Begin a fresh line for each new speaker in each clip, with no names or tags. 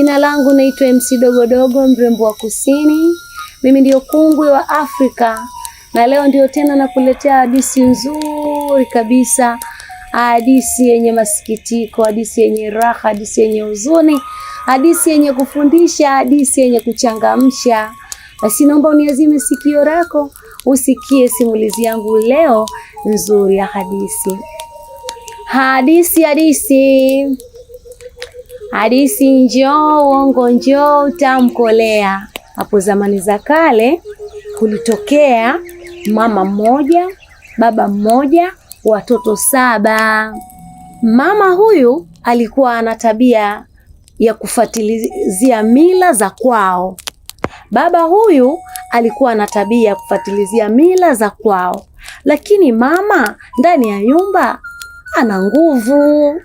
Jina langu naitwa MC Dogodogo, mrembo wa kusini. Mimi ndio kungwi wa Afrika, na leo ndio tena nakuletea hadithi nzuri kabisa, hadithi yenye masikitiko, hadithi yenye raha, hadithi yenye huzuni, hadithi yenye kufundisha, hadithi yenye kuchangamsha. Basi naomba uniazime sikio lako usikie simulizi yangu leo nzuri ya hadithi. Hadithi hadithi Hadisi njoo, uongo njoo, utamkolea Hapo zamani za kale kulitokea mama mmoja, baba mmoja, watoto saba. Mama huyu alikuwa ana tabia ya kufuatilizia mila za kwao. Baba huyu alikuwa ana tabia ya kufuatilizia mila za kwao, lakini mama ndani ya nyumba ana nguvu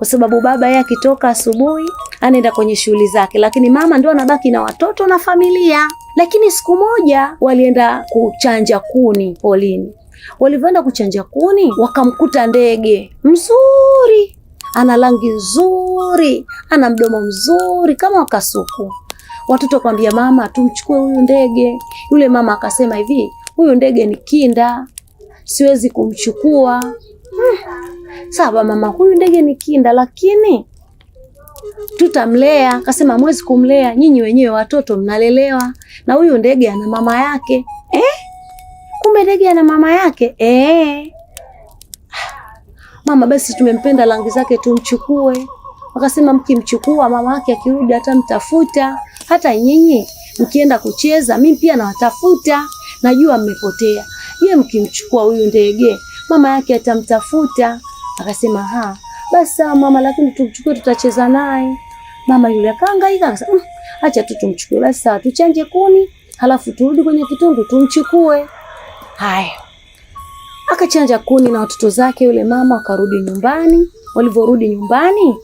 kwa sababu baba yeye akitoka asubuhi anaenda kwenye shughuli zake, lakini mama ndo anabaki na watoto na familia. Lakini siku moja walienda kuchanja kuni polini. Walivyoenda kuchanja kuni, wakamkuta ndege mzuri, ana rangi nzuri, ana mdomo mzuri kama wakasuku. Watoto wakamwambia mama, tumchukue huyu ndege. Yule mama akasema hivi, huyu ndege ni kinda, siwezi kumchukua. hmm sawa mama, huyu ndege ni kinda, lakini tutamlea. Kasema mwezi kumlea, nyinyi wenyewe watoto mnalelewa, na huyu ndege ana mama yake eh? Kumbe ndege ana mama yake eh? Mama, basi tumempenda, rangi zake tumchukue. Wakasema mkimchukua mama yake akirudi hata mtafuta, hata nyinyi mkienda kucheza, mimi pia nawatafuta, najua mmepotea. Je, mkimchukua huyu ndege mama yake atamtafuta Akasema ha, basi sawa mama, lakini tumchukue, tutacheza naye. Mama yule akahangaika, akasema mmm, acha tu tumchukue. Basi sawa, tuchanje kuni, halafu turudi kwenye kitundu tumchukue. Haya, akachanja kuni na watoto zake. Yule mama akarudi nyumbani. Walivyorudi nyumbani,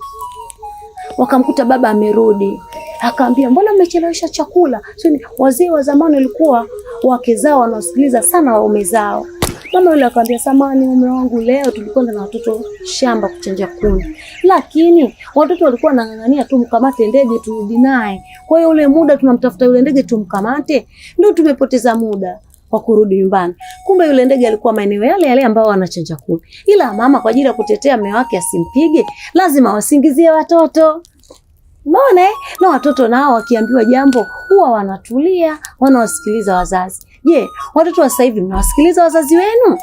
wakamkuta baba amerudi, akaambia mbona mmechelewesha chakula? Sio wazee wa zamani walikuwa wake zao wanasikiliza sana waume zao kama yule akamwambia, samani mume wangu, leo tulikwenda na watoto shamba kuchanja kuni, lakini watoto walikuwa wanang'ang'ania tu mkamate ndege turudi naye. Kwa hiyo ule muda tunamtafuta yule ndege tumkamate, ndio tumepoteza muda kwa kurudi nyumbani. Kumbe yule ndege alikuwa maeneo yale yale ambao wanachanja kuni, ila mama kwa ajili ya kutetea mume wake asimpige, lazima wasingizie watoto Mone eh? na watoto nao wakiambiwa jambo huwa wanatulia, wanawasikiliza wazazi. Je, watoto wa sasa hivi mnawasikiliza wazazi wenu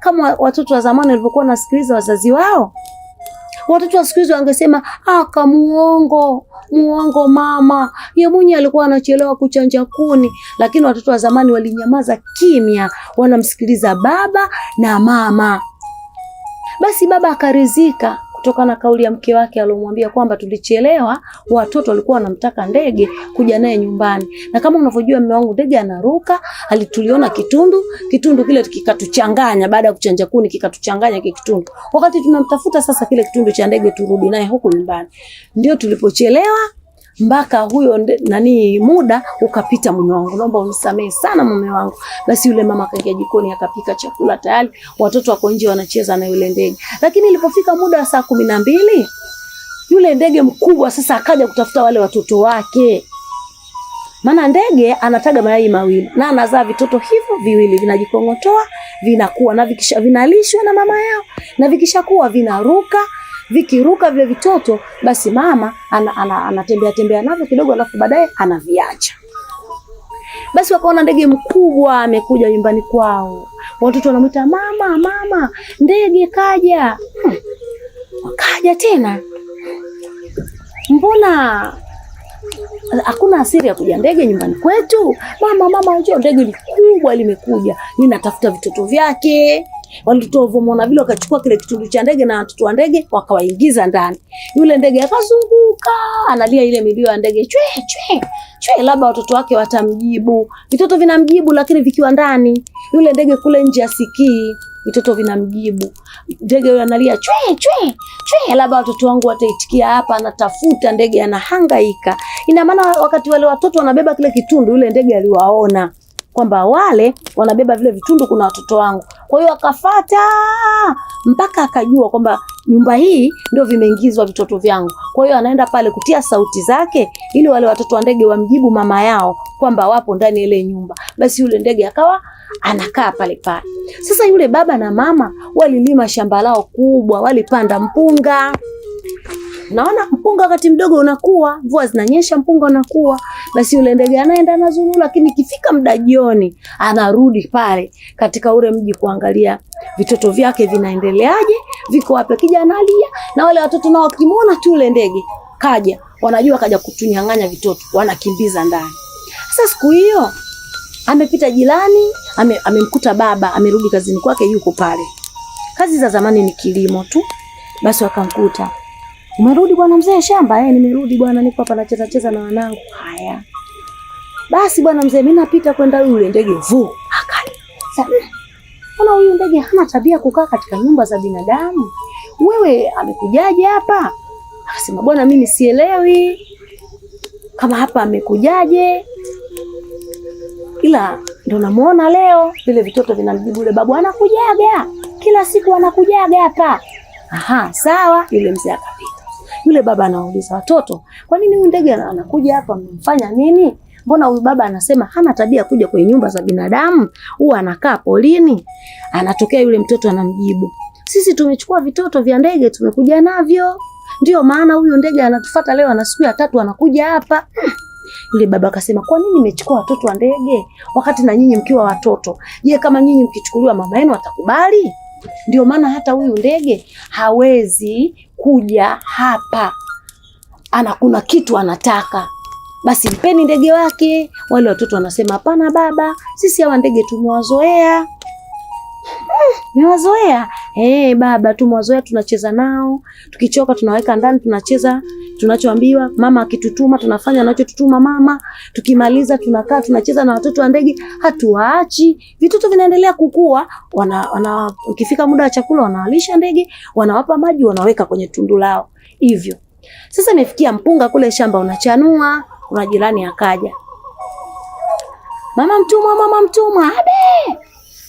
kama watoto wa zamani walivyokuwa wanasikiliza wazazi wao? Watoto wa siku hizi wangesema aka ah, muongo muongo, mama mwenye alikuwa anachelewa kuchanja kuni. Lakini watoto wa zamani walinyamaza kimya, wanamsikiliza baba na mama. Basi baba akarizika kutokana na kauli ya mke wake aliyomwambia kwamba tulichelewa, watoto walikuwa wanamtaka ndege kuja naye nyumbani. Na kama unavyojua mume wangu ndege anaruka, alituliona kitundu, kitundu kile kikatuchanganya, baada ya kuchanja kuni kikatuchanganya kitundu. Wakati tunamtafuta sasa kile kitundu cha ndege turudi naye huko nyumbani. Ndio tulipochelewa mpaka huyo nani muda ukapita. Mume wangu, naomba unisamehe sana mume wangu. Basi yule mama akaingia jikoni akapika chakula tayari, watoto wako nje wanacheza na yule ndege. Lakini ilipofika muda wa saa kumi na mbili yule ndege mkubwa sasa akaja kutafuta wale watoto wake, maana ndege anataga mayai mawili na anazaa vitoto hivyo viwili, vinajikong'otoa vinakuwa na vikisha vinalishwa na mama yao, na vikishakuwa vinaruka Vikiruka vile vitoto, basi mama anatembea ana, ana, ana tembea navyo kidogo, alafu baadaye anaviacha. Basi wakaona ndege mkubwa amekuja nyumbani kwao, watoto wanamwita mama, mama, ndege kaja. Hmm, kaja tena, mbona hakuna asiri ya kuja ndege nyumbani kwetu? Mama, mama, njoo, ndege likubwa limekuja, ninatafuta vitoto vyake Watoto walivyomwona vile wakachukua kile kitundu cha ndege na watoto wa ndege wakawaingiza ndani. Yule ndege akazunguka, analia ile milio ya ndege chwe chwe chwe, labda watoto wake watamjibu. Vitoto vinamjibu lakini vikiwa ndani. Yule ndege kule nje asikii. Vitoto vinamjibu. Ndege yule analia chwe chwe chwe, labda watoto wangu wataitikia. Hapa anatafuta ndege, anahangaika. Ina maana wakati wale watoto wanabeba kile kitundu, yule ndege aliwaona kwamba wale wanabeba vile vitundu, kuna watoto wangu. Kwa hiyo akafata mpaka akajua kwamba nyumba hii ndio vimeingizwa vitoto vyangu. Kwa hiyo anaenda pale kutia sauti zake, ili wale watoto wa ndege wamjibu mama yao kwamba wapo ndani ya ile nyumba. Basi yule ndege akawa anakaa pale pale. Sasa yule baba na mama walilima shamba lao kubwa, walipanda mpunga naona mpunga wakati mdogo unakuwa, mvua zinanyesha, mpunga unakuwa. Basi yule ndege anaenda anazuru, lakini ikifika muda jioni anarudi pale katika ule mji kuangalia vitoto vyake vinaendeleaje, viko wapi. Kijana analia, na wale watoto nao wakimwona tu yule ndege kaja, wanajua kaja kutunyang'anya vitoto, wanakimbiza ndani. Sasa siku hiyo amepita jirani, amemkuta ame baba amerudi kazini kwake, yuko pale. Kazi za zamani ni kilimo tu, basi wakamkuta Umerudi bwana mzee shamba? Eh, nimerudi bwana, niko hapa nacheza cheza na wanangu. Haya basi bwana mzee, mimi napita kwenda yule ndege vu. Mbona huyu ndege hana tabia kukaa katika nyumba za binadamu? Wewe amekujaje hapa? Akasema bwana, mimi sielewi kama hapa amekujaje, ila ndo namuona leo. Vile vitoto vinamjibu yule babu, anakujaga kila siku, anakujaga hapa. Aha, sawa. Yule mzee akapita yule baba anauliza watoto, kwa nini huyu ndege anakuja hapa? Mmemfanya nini? Mbona huyu baba anasema hana tabia kuja kwenye nyumba za binadamu, huwa anakaa polini? Anatokea yule mtoto anamjibu, sisi tumechukua vitoto vya ndege tumekuja navyo, ndio maana huyu ndege anatufuata leo, ana siku ya tatu anakuja hapa. Yule baba akasema, kwa nini nimechukua watoto wa ndege wakati na nyinyi mkiwa watoto? Je, kama nyinyi mkichukuliwa mama yenu atakubali? Ndio maana hata huyu ndege hawezi kuja hapa, ana kuna kitu anataka. Basi mpeni ndege wake. Wale watoto wanasema hapana baba, sisi hawa ndege tumewazoea, hmm, mewazoea Eh, baba tu mazoea tunacheza nao, tukichoka tunaweka ndani, tunacheza tunachoambiwa. Mama akitutuma tunafanya anachotutuma mama, tukimaliza tunakaa tunacheza na watoto wa ndege, hatuwaachi. Vitoto vinaendelea kukua, wana, wana ukifika muda wa chakula wanawalisha ndege, wanawapa maji, wanaweka kwenye tundu lao. Hivyo sasa imefikia mpunga kule shamba unachanua, kuna jirani akaja, mama mtumwa, mama mtumwa, abe,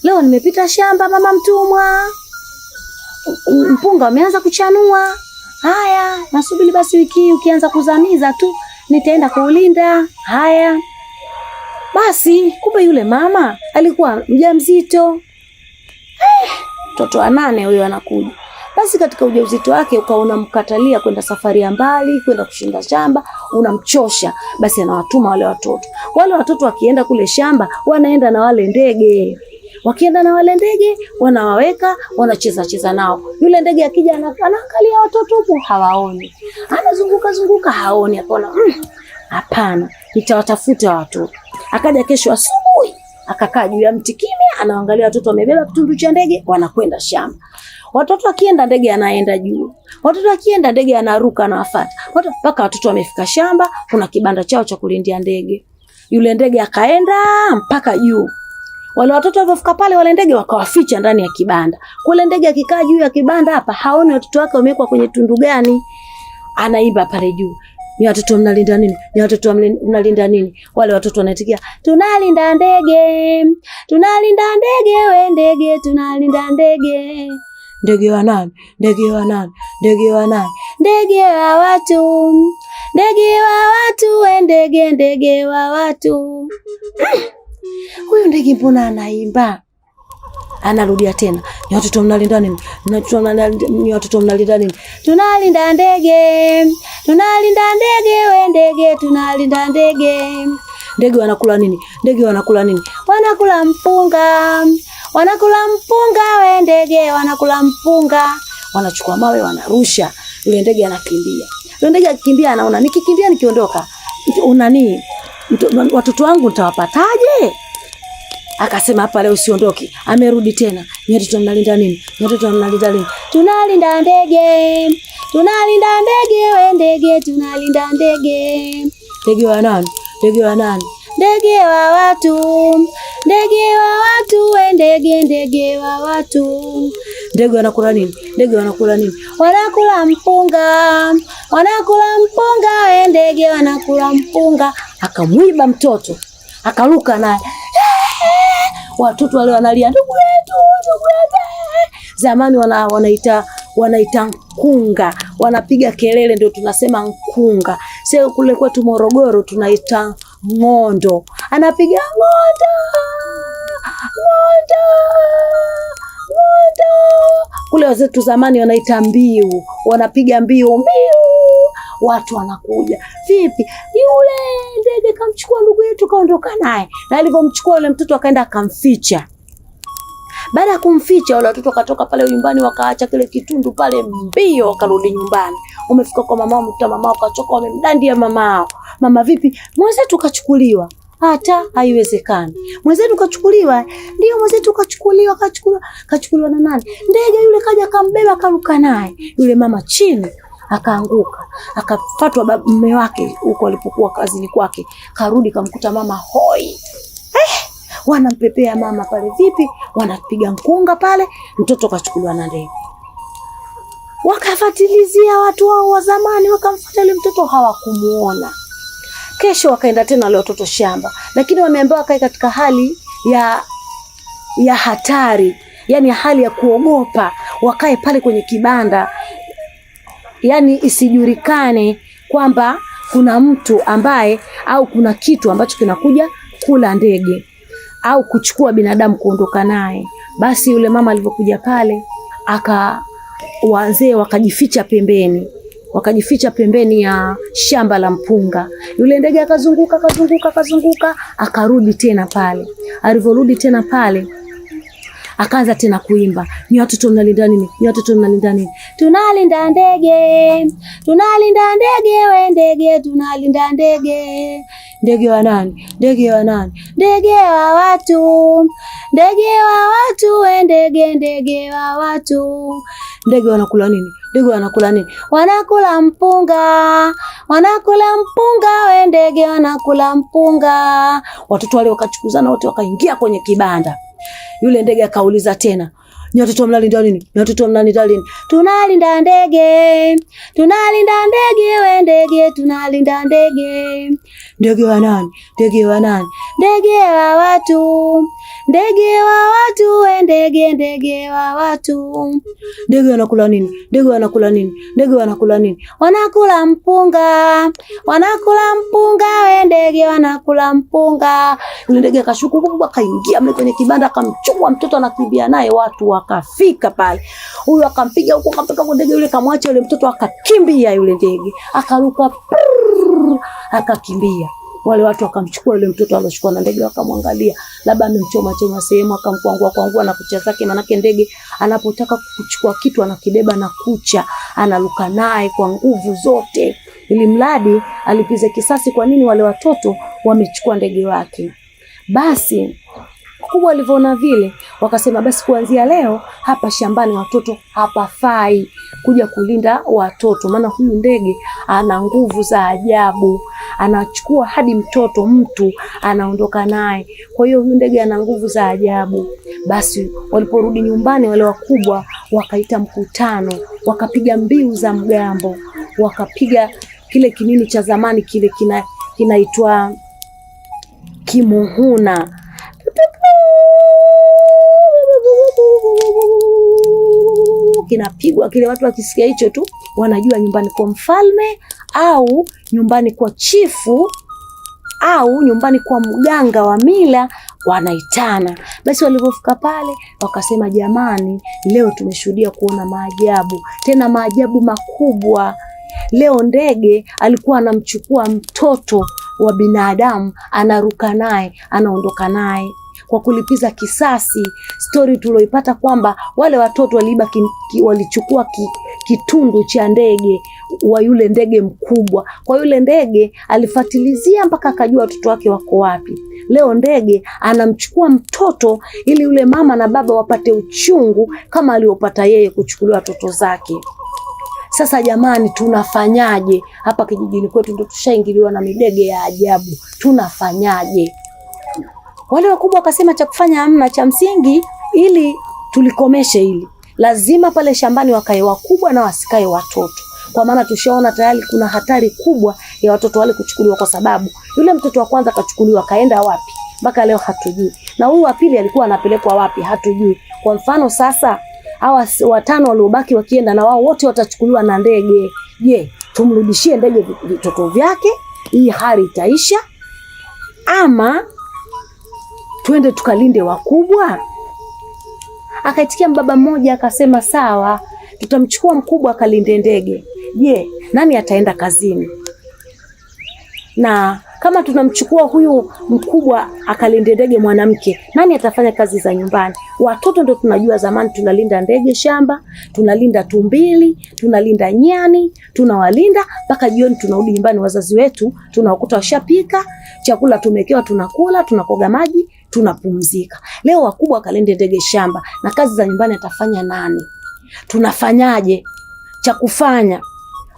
leo nimepita shamba, mama mtumwa mpunga umeanza kuchanua. Haya, nasubiri basi, wiki hii ukianza kuzamiza tu nitaenda kuulinda. Haya basi, kumbe yule mama alikuwa mjamzito. Eh, mtoto wa nane huyo anakuja basi katika ujauzito wake ukawa unamkatalia kwenda safari ya mbali, kwenda kushinda shamba, unamchosha. Basi anawatuma wale watoto, wale watoto wakienda kule shamba, wanaenda na wale ndege. Wakienda na wale ndege wanawaweka, wanacheza cheza nao. Yule ndege akija anaangalia watoto huko, hawaoni, anazunguka zunguka, haoni. Akaona mm, hapana, mmm, nitawatafuta watoto. Akaja kesho asubuhi, akakaa juu ya mti kimya, anaangalia watoto wamebeba kitundu cha ndege, wanakwenda shamba. Watoto akienda ndege anaenda juu, watoto akienda ndege anaruka, anawafata mpaka watoto wamefika shamba. Kuna kibanda chao cha kulindia ndege, yule ndege akaenda mpaka juu. Wale watoto walivyofika pale, wale ndege wakawaficha ndani ya kibanda. Kule ndege akikaa juu ya kibanda hapa, haoni watoto wake wamewekwa kwenye tundu gani. Anaimba pale juu. Ni watoto mnalinda nini? Ni watoto mnalinda nini? Wale watoto wanaitikia, tunalinda ndege. Tunalinda ndege, we ndege, tunalinda ndege. Ndege wa nani? Ndege wa nani? Ndege wa nani? Ndege wa watu. Ndege wa watu, we ndege, ndege wa watu. Huyu ndege mbona anaimba? Anarudia tena, ni watoto mnalinda nini? Ni watoto mnalinda nini? Tunalinda ndege, tunalinda ndege, we ndege, tunalinda ndege. Ndege wanakula nini? Ndege wanakula nini? Wanakula mpunga, wanakula mpunga, we ndege, wanakula mpunga. Wanachukua mawe wanarusha, yule ndege anakimbia. Yule ndege akikimbia, anaona nikikimbia, nikiondoka unani watoto wangu nitawapataje? Akasema hapa leo usiondoki, Amerudi tena, ni watoto mnalinda nini? Ni watoto mnalinda nini? Tunalinda ndege, tunalinda ndege, we ndege, tunalinda ndege. Ndege wa nani? Ndege wa nani? Ndege wa watu, ndege wa watu, we ndege, ndege wa watu Ndege wanakula nini? Ndege wanakula nini? Wanakula mpunga, wanakula mpunga, we ndege wanakula mpunga. Akamwiba mtoto akaruka naye, watoto wale wanalia, ndugu yetu, ndugu yetu. Zamani wana, wanaita wanaita nkunga, wanapiga kelele, ndio tunasema nkunga. Sio kule kwetu Morogoro tunaita ng'ondo, anapiga ng'ondo, ng'ondo kule wazetu zamani wanaita mbiu, wanapiga mbiu mbiu, watu wanakuja. Vipi yule ndege kamchukua ndugu yetu kaondoka naye, na alivyomchukua yule mtoto akaenda akamficha. Baada ya kumficha wale watoto wakatoka pale nyumbani, wakaacha kile kitundu pale mbio, wakarudi nyumbani. Umefika kwa mamao, mkuta mamao kachoka, wamemdandia mamao. Mama vipi mwenzetu kachukuliwa? hata haiwezekani. Mwenzetu kachukuliwa, ndio mwenzetu kachukuliwa, kachukuliwa, kachukuliwa na nani? Ndege yule kaja kambeba, akaruka naye yule mama chini, akaanguka, akafatwa mume wake huko alipokuwa kazini kwake, karudi kamkuta mama hoi eh, wanampepea mama pale, vipi, wanapiga mkunga pale, mtoto kachukuliwa na ndege. Wakafatilizia watu wao wa zamani, wakamfuata yule mtoto, hawakumuona. Kesho wakaenda tena wale watoto shamba, lakini wameambiwa wakae katika hali ya ya hatari, yani hali ya kuogopa, wakae pale kwenye kibanda, yani isijulikane kwamba kuna mtu ambaye au kuna kitu ambacho kinakuja kula ndege au kuchukua binadamu kuondoka naye. Basi yule mama alivyokuja pale aka wazee wakajificha pembeni wakajificha pembeni ya shamba la mpunga. Yule ndege akazunguka akazunguka akazunguka, akarudi tena pale. Alivyorudi tena pale akaanza tena kuimba, ni watoto mnalinda nini? Ni watoto mnalinda nini? Tunalinda ndege, tunalinda ndege, we ndege, tunalinda ndege. Ndege wa nani? Ndege wa nani? Ndege wa watu, ndege wa watu, we ndege, ndege wa watu. Ndege wanakula nini? Ndege wanakula nini? Wanakula mpunga, wanakula mpunga, we ndege wanakula mpunga. Watoto wale wakachukuzana wote wakaingia kwenye kibanda. Yule ndege akauliza tena, ni watoto wa mnalinda nini? Ni watoto wa mnalinda nini? Tunalinda ndege, tunalinda ndege, we ndege, tunalinda ndege. Ndege wa nani? Ndege wa nani? Ndege wa watu, ndege wa watu, we ndege, ndege wa watu. Ndege wanakula nini? Ndege wanakula nini? Ndege wanakula nini? Wanakula mpunga, wanakula mpunga, we ndege wanakula mpunga. Yule ndege akashuku, kaingia mle kwenye kibanda, akamchukua mtoto, anakimbia naye watu wa akafika pale, huyu akampiga huko, akampiga kwa ndege yule kamwacha yule mtoto, akakimbia yule ndege akaruka, akakimbia wale watu wakamchukua yule mtoto aliochukua na ndege, wakamwangalia labda amemchoma choma sehemu, akamkwangua kwangua na kucha zake. Manake ndege anapotaka kuchukua kitu anakibeba na kucha, analuka naye kwa nguvu zote, ili mradi alipize kisasi. Kwa nini wale watoto wamechukua ndege wake? Basi wakubwa walivyoona vile, wakasema basi kuanzia leo hapa shambani watoto hapafai kuja kulinda watoto, maana huyu ndege ana nguvu za ajabu, anachukua hadi mtoto mtu anaondoka naye. Kwa hiyo huyu ndege ana nguvu za ajabu. Basi waliporudi nyumbani, wale wakubwa wakaita mkutano, wakapiga mbiu za mgambo, wakapiga kile kinini cha zamani kile kina kinaitwa kimuhuna kinapigwa kile, watu wakisikia hicho tu wanajua nyumbani kwa mfalme au nyumbani kwa chifu au nyumbani kwa mganga wa mila wanaitana. Basi walipofika pale wakasema, jamani, leo tumeshuhudia kuona maajabu, tena maajabu makubwa. Leo ndege alikuwa anamchukua mtoto wa binadamu, anaruka naye, anaondoka naye kwa kulipiza kisasi, stori tulioipata kwamba wale watoto waliiba ki, ki, walichukua ki, kitundu cha ndege wa yule ndege mkubwa. Kwa yule ndege alifatilizia mpaka akajua watoto wake wako wapi. Leo ndege anamchukua mtoto ili yule mama na baba wapate uchungu kama aliopata yeye kuchukuliwa watoto zake. Sasa jamani, tunafanyaje hapa kijijini kwetu? Ndio tushaingiliwa na midege ya ajabu, tunafanyaje? Wale wakubwa wakasema cha kufanya hamna, cha msingi ili tulikomeshe hili, lazima pale shambani wakae wakubwa na wasikae watoto, kwa maana tushaona tayari kuna hatari kubwa ya watoto wale kuchukuliwa, kwa sababu yule mtoto wa kwanza akachukuliwa, kaenda wapi mpaka leo hatujui, na huyu wa pili alikuwa anapelekwa wapi hatujui. Kwa mfano sasa hawa watano waliobaki wakienda na wao wote watachukuliwa na ndege. Je, tumrudishie ndege vitoto vyake? Hii hali itaisha ama twende tukalinde wakubwa? Akaitikia mbaba mmoja akasema, sawa, tutamchukua mkubwa akalinde ndege. Je, nani ataenda kazini? Na kama tunamchukua huyu mkubwa akalinde ndege mwanamke, nani atafanya kazi za nyumbani? Watoto ndio tunajua, zamani tunalinda ndege shamba, tunalinda tumbili, tunalinda nyani, tunawalinda mpaka jioni, tunarudi nyumbani, wazazi wetu tunawakuta washapika chakula, tumekewa, tunakula, tunakoga maji, tunapumzika. Leo wakubwa kalende ndege shamba, na kazi za nyumbani atafanya nani? Tunafanyaje cha kufanya?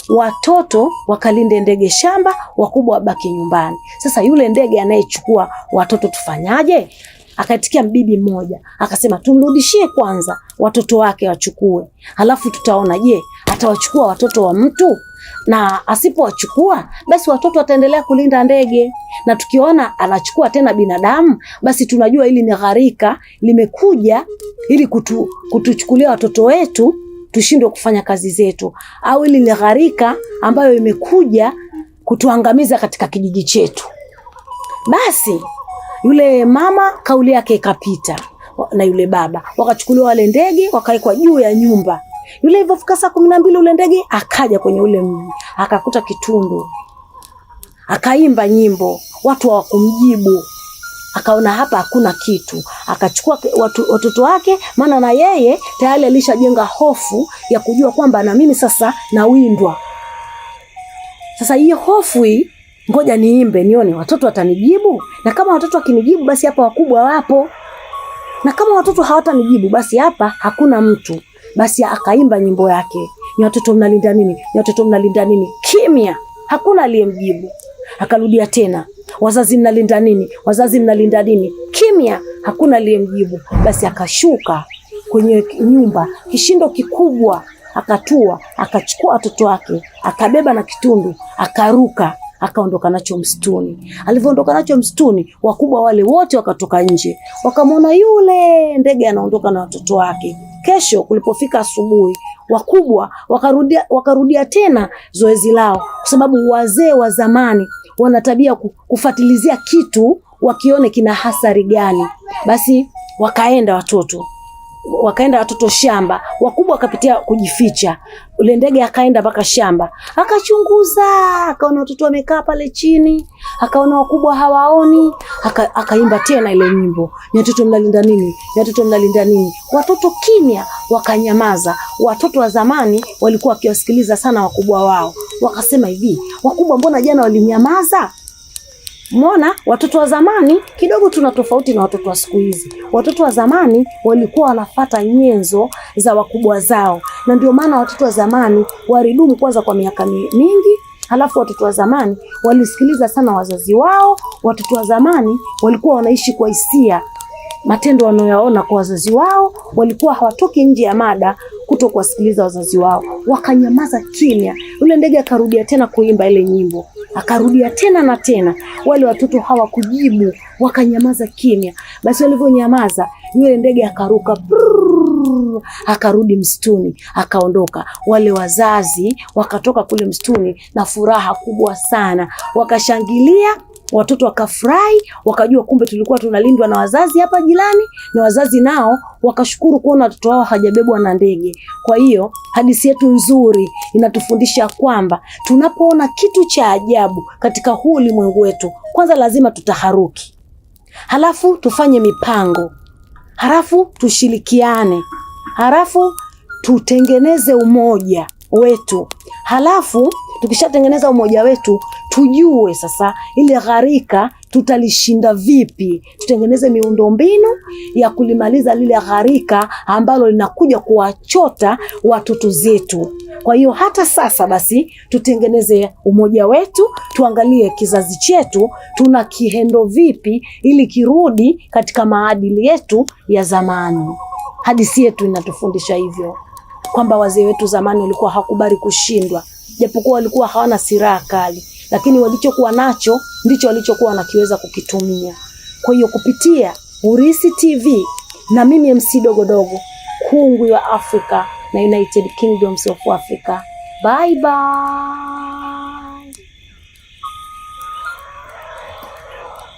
Watoto wakalinde ndege shamba, wakubwa wabaki nyumbani. Sasa yule ndege anayechukua watoto tufanyaje? Akaitikia mbibi mmoja akasema, tumrudishie kwanza watoto wake wachukue, halafu tutaona, je, atawachukua watoto wa mtu? na asipowachukua basi watoto wataendelea kulinda ndege, na tukiona anachukua tena binadamu, basi tunajua hili ni gharika limekuja ili kutu, kutuchukulia watoto wetu tushindwe kufanya kazi zetu, au hili ni gharika ambayo imekuja kutuangamiza katika kijiji chetu. Basi yule mama kauli yake ikapita na yule baba, wakachukuliwa wale ndege wakawekwa juu ya nyumba yule ilivyofika saa kumi na mbili ule ndege akaja kwenye ule mji akakuta Kitundu, akaimba nyimbo, watu hawakumjibu. Akaona hapa hakuna kitu, akachukua watu, watoto wake, maana na yeye tayari alishajenga hofu ya kujua kwamba na mimi sasa nawindwa. Sasa hii hofu hii, ngoja niimbe nione watoto watanijibu, na kama watoto wakinijibu, basi hapa wakubwa wapo, na kama watoto hawatanijibu, basi hapa hakuna mtu basi akaimba nyimbo yake, ni watoto mnalinda nini? Ni watoto mnalinda nini? Kimya, hakuna aliyemjibu. Akarudia tena, wazazi mnalinda nini? Wazazi mnalinda nini? Kimya, hakuna aliyemjibu. Basi akashuka kwenye nyumba, kishindo kikubwa akatua, akachukua watoto wake, akabeba na kitundu, akaruka akaondoka nacho msituni. Alivyoondoka nacho msituni, wakubwa wale wote wakatoka nje, wakamwona yule ndege anaondoka na watoto wake. Kesho kulipofika asubuhi, wakubwa wakarudia, wakarudia tena zoezi lao, kwa sababu wazee wa zamani wana tabia kufatilizia kitu wakione kina hasara gani. Basi wakaenda watoto wakaenda watoto shamba, wakubwa wakapitia kujificha. Ule ndege akaenda mpaka shamba, akachunguza, akaona watoto wamekaa pale chini, akaona wakubwa hawaoni, akaimba aka tena ile nyimbo, nyatoto mnalinda nini? Nyatoto mnalinda nini? Watoto kimya, wakanyamaza. Watoto wa zamani walikuwa wakiwasikiliza sana wakubwa wao, wakasema hivi, wakubwa, mbona jana walinyamaza? Mwona, watoto wa zamani kidogo tuna tofauti na watoto wa siku hizi. Watoto wa zamani walikuwa wanafata nyenzo za wakubwa zao, na ndio maana watoto wa zamani walidumu kwanza kwa miaka mingi. Halafu watoto wa zamani walisikiliza sana wazazi wao. Watoto wa zamani walikuwa wanaishi kwa hisia, matendo wanayoyaona kwa wazazi wao, walikuwa hawatoki nje ya mada kuto kuwasikiliza wazazi wao, wakanyamaza kimya. Yule ndege akarudia tena kuimba ile nyimbo. Akarudia tena na tena, wale watoto hawakujibu, wakanyamaza kimya. Basi walivyonyamaza, yule ndege akaruka akarudi msituni, akaondoka. Wale wazazi wakatoka kule msituni na furaha kubwa sana, wakashangilia watoto wakafurahi, wakajua kumbe tulikuwa tunalindwa na wazazi hapa jirani, na wazazi nao wakashukuru kuona watoto wao hawajabebwa na ndege. Kwa hiyo hadithi yetu nzuri inatufundisha kwamba tunapoona kitu cha ajabu katika huu ulimwengu wetu, kwanza lazima tutaharuki, halafu tufanye mipango, halafu tushirikiane, halafu tutengeneze umoja wetu, halafu Tukishatengeneza umoja wetu, tujue sasa ile gharika tutalishinda vipi, tutengeneze miundombinu ya kulimaliza lile gharika ambalo linakuja kuwachota watoto zetu. Kwa hiyo hata sasa basi tutengeneze umoja wetu, tuangalie kizazi chetu tuna kihendo vipi, ili kirudi katika maadili yetu ya zamani. Hadithi yetu inatufundisha hivyo kwamba wazee wetu zamani walikuwa hakubali kushindwa japokuwa walikuwa hawana silaha kali, lakini walichokuwa nacho ndicho walichokuwa wanakiweza kukitumia. Kwa hiyo kupitia Urithi TV na mimi MC Dogodogo, kungwi wa Africa na United Kingdoms of Africa. Bye bye.